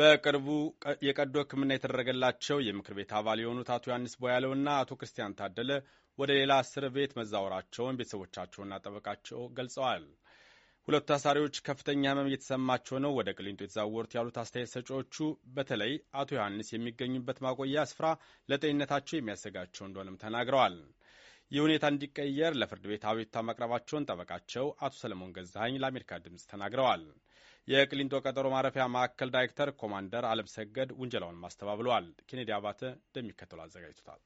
በቅርቡ የቀዶ ሕክምና የተደረገላቸው የምክር ቤት አባል የሆኑት አቶ ዮሐንስ ቦያለውና አቶ ክርስቲያን ታደለ ወደ ሌላ እስር ቤት መዛወራቸውን ቤተሰቦቻቸውና ጠበቃቸው ገልጸዋል። ሁለቱ ታሳሪዎች ከፍተኛ ህመም እየተሰማቸው ነው ወደ ቅሊንጦ የተዛወሩት ያሉት አስተያየት ሰጪዎቹ በተለይ አቶ ዮሐንስ የሚገኙበት ማቆያ ስፍራ ለጤንነታቸው የሚያሰጋቸው እንደሆነም ተናግረዋል። ይህ ሁኔታ እንዲቀየር ለፍርድ ቤት አቤቱታ ማቅረባቸውን ጠበቃቸው አቶ ሰለሞን ገዛሀኝ ለአሜሪካ ድምፅ ተናግረዋል። የቅሊንጦ ቀጠሮ ማረፊያ ማዕከል ዳይሬክተር ኮማንደር አለምሰገድ ውንጀላውን ማስተባብለዋል። ኬኔዲ አባተ እንደሚከተሉ አዘጋጅቶታል።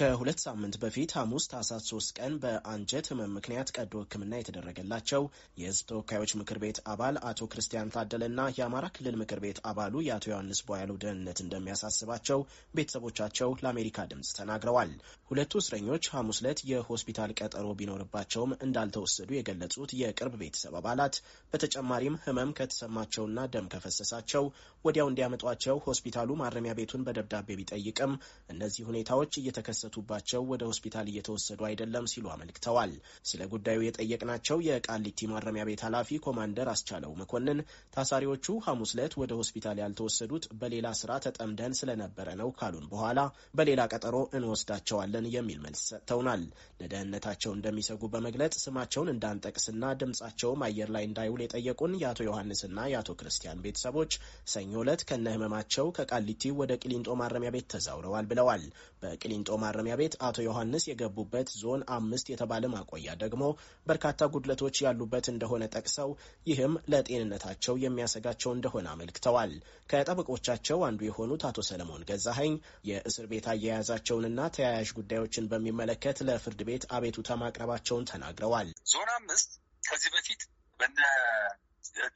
ከሁለት ሳምንት በፊት ሐሙስ ታህሳስ 3 ቀን በአንጀት ህመም ምክንያት ቀዶ ሕክምና የተደረገላቸው የህዝብ ተወካዮች ምክር ቤት አባል አቶ ክርስቲያን ታደለና የአማራ ክልል ምክር ቤት አባሉ የአቶ ዮሐንስ ቦያለው ደህንነት እንደሚያሳስባቸው ቤተሰቦቻቸው ለአሜሪካ ድምፅ ተናግረዋል። ሁለቱ እስረኞች ሐሙስ ዕለት የሆስፒታል ቀጠሮ ቢኖርባቸውም እንዳልተወሰዱ የገለጹት የቅርብ ቤተሰብ አባላት በተጨማሪም ህመም ከተሰማቸውና ደም ከፈሰሳቸው ወዲያው እንዲያመጧቸው ሆስፒታሉ ማረሚያ ቤቱን በደብዳቤ ቢጠይቅም እነዚህ ሁኔታዎች እየተከሰ። የተጓተቱባቸው ወደ ሆስፒታል እየተወሰዱ አይደለም ሲሉ አመልክተዋል። ስለ ጉዳዩ የጠየቅናቸው የቃሊቲ ማረሚያ ቤት ኃላፊ ኮማንደር አስቻለው መኮንን ታሳሪዎቹ ሐሙስ ዕለት ወደ ሆስፒታል ያልተወሰዱት በሌላ ስራ ተጠምደን ስለነበረ ነው ካሉን በኋላ በሌላ ቀጠሮ እንወስዳቸዋለን የሚል መልስ ሰጥተውናል። ለደህንነታቸው እንደሚሰጉ በመግለጽ ስማቸውን እንዳንጠቅስና ድምጻቸውም አየር ላይ እንዳይውል የጠየቁን የአቶ ዮሐንስና የአቶ ክርስቲያን ቤተሰቦች ሰኞ ዕለት ከነህመማቸው ከቃሊቲ ወደ ቅሊንጦ ማረሚያ ቤት ተዛውረዋል ብለዋል። በቅሊንጦ ማረ ማረሚያ ቤት አቶ ዮሐንስ የገቡበት ዞን አምስት የተባለ ማቆያ ደግሞ በርካታ ጉድለቶች ያሉበት እንደሆነ ጠቅሰው ይህም ለጤንነታቸው የሚያሰጋቸው እንደሆነ አመልክተዋል። ከጠበቆቻቸው አንዱ የሆኑት አቶ ሰለሞን ገዛሀኝ የእስር ቤት አያያዛቸውንና ተያያዥ ጉዳዮችን በሚመለከት ለፍርድ ቤት አቤቱታ ማቅረባቸውን ተናግረዋል። ዞን አምስት ከዚህ በፊት በነ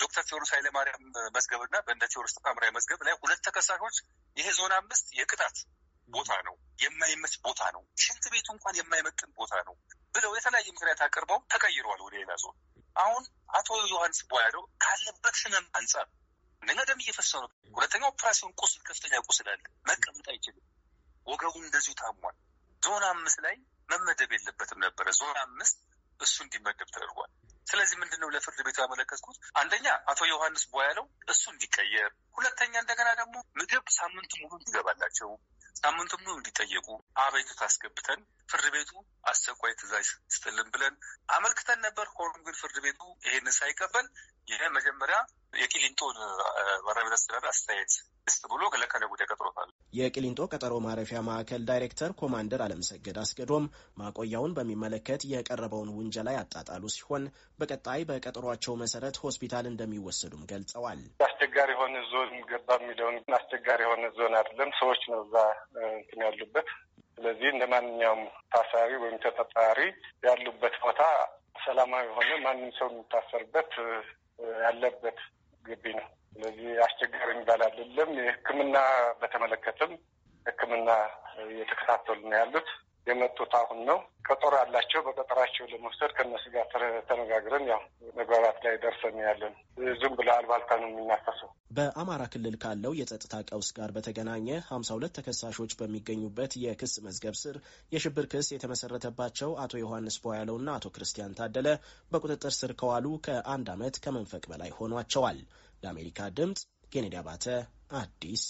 ዶክተር ቴዎድሮስ ኃይለማርያም መዝገብ እና በእነ ቴዎድሮስ ተምራዊ መዝገብ ላይ ሁለት ተከሳሾች ይሄ ዞን አምስት የቅጣት ቦታ ነው የማይመች ቦታ ነው፣ ሽንት ቤቱ እንኳን የማይመጥን ቦታ ነው ብለው የተለያየ ምክንያት አቅርበው ተቀይረዋል ወደ ሌላ ዞን። አሁን አቶ ዮሐንስ ቧያለው ካለበት ህመም አንጻር አንደኛ ደም እየፈሰሰ ነው፣ ሁለተኛ ኦፕራሲዮን ቁስል፣ ከፍተኛ ቁስል አለ፣ መቀመጥ አይችልም። ወገቡ እንደዚሁ ታሟል። ዞን አምስት ላይ መመደብ የለበትም ነበረ። ዞን አምስት እሱ እንዲመደብ ተደርጓል። ስለዚህ ምንድን ነው ለፍርድ ቤቱ ያመለከትኩት አንደኛ አቶ ዮሐንስ ቧያለው እሱ እንዲቀየር፣ ሁለተኛ እንደገና ደግሞ ምግብ ሳምንቱ ሙሉ እንዲገባላቸው ሳምንቱ ሙሉ እንዲጠየቁ አቤቱታ አስገብተን ፍርድ ቤቱ አስቸኳይ ትእዛዝ ስጥልን ብለን አመልክተን ነበር። ሆኖም ግን ፍርድ ቤቱ ይሄንን ሳይቀበል ይህ መጀመሪያ የቂሊንጦን ማረሚያ አስተዳደር አስተያየት ስ ብሎ ለከነጉ ተቀጥሮታል። የቅሊንጦ ቀጠሮ ማረፊያ ማዕከል ዳይሬክተር ኮማንደር አለምሰገድ አስገዶም ማቆያውን በሚመለከት የቀረበውን ውንጀላ ያጣጣሉ ሲሆን በቀጣይ በቀጠሯቸው መሰረት ሆስፒታል እንደሚወሰዱም ገልጸዋል። አስቸጋሪ የሆነ ዞን ገባ የሚለውን አስቸጋሪ የሆነ ዞን አይደለም፣ ሰዎች ነው እዛ እንትን ያሉበት። ስለዚህ እንደ ማንኛውም ታሳሪ ወይም ተጠርጣሪ ያሉበት ቦታ ሰላማዊ የሆነ ማንም ሰው የሚታሰርበት ያለበት ግቢ ነው። ስለዚህ አስቸጋሪ የሚባል አይደለም። የሕክምና በተመለከተም ሕክምና እየተከታተሉ ነው ያሉት። የመጡት አሁን ነው። ቀጠሮ ያላቸው በቀጠራቸው ለመውሰድ ከነሱ ጋር ተነጋግረን ያው መግባባት ላይ ደርሰን ያለን። ዝም ብለ አልባልታ ነው የሚናፈሰው። በአማራ ክልል ካለው የጸጥታ ቀውስ ጋር በተገናኘ ሀምሳ ሁለት ተከሳሾች በሚገኙበት የክስ መዝገብ ስር የሽብር ክስ የተመሰረተባቸው አቶ ዮሐንስ ቧያለውና አቶ ክርስቲያን ታደለ በቁጥጥር ስር ከዋሉ ከአንድ ዓመት ከመንፈቅ በላይ ሆኗቸዋል። ለአሜሪካ ድምፅ ኬኔዲ አባተ አዲስ